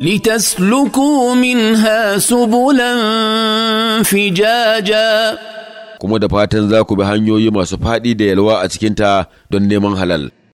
لتسلكوا منها سبلا فجاجا kuma da fatan za ku bi hanyoyi masu faɗi da yalwa a cikinta don neman halal.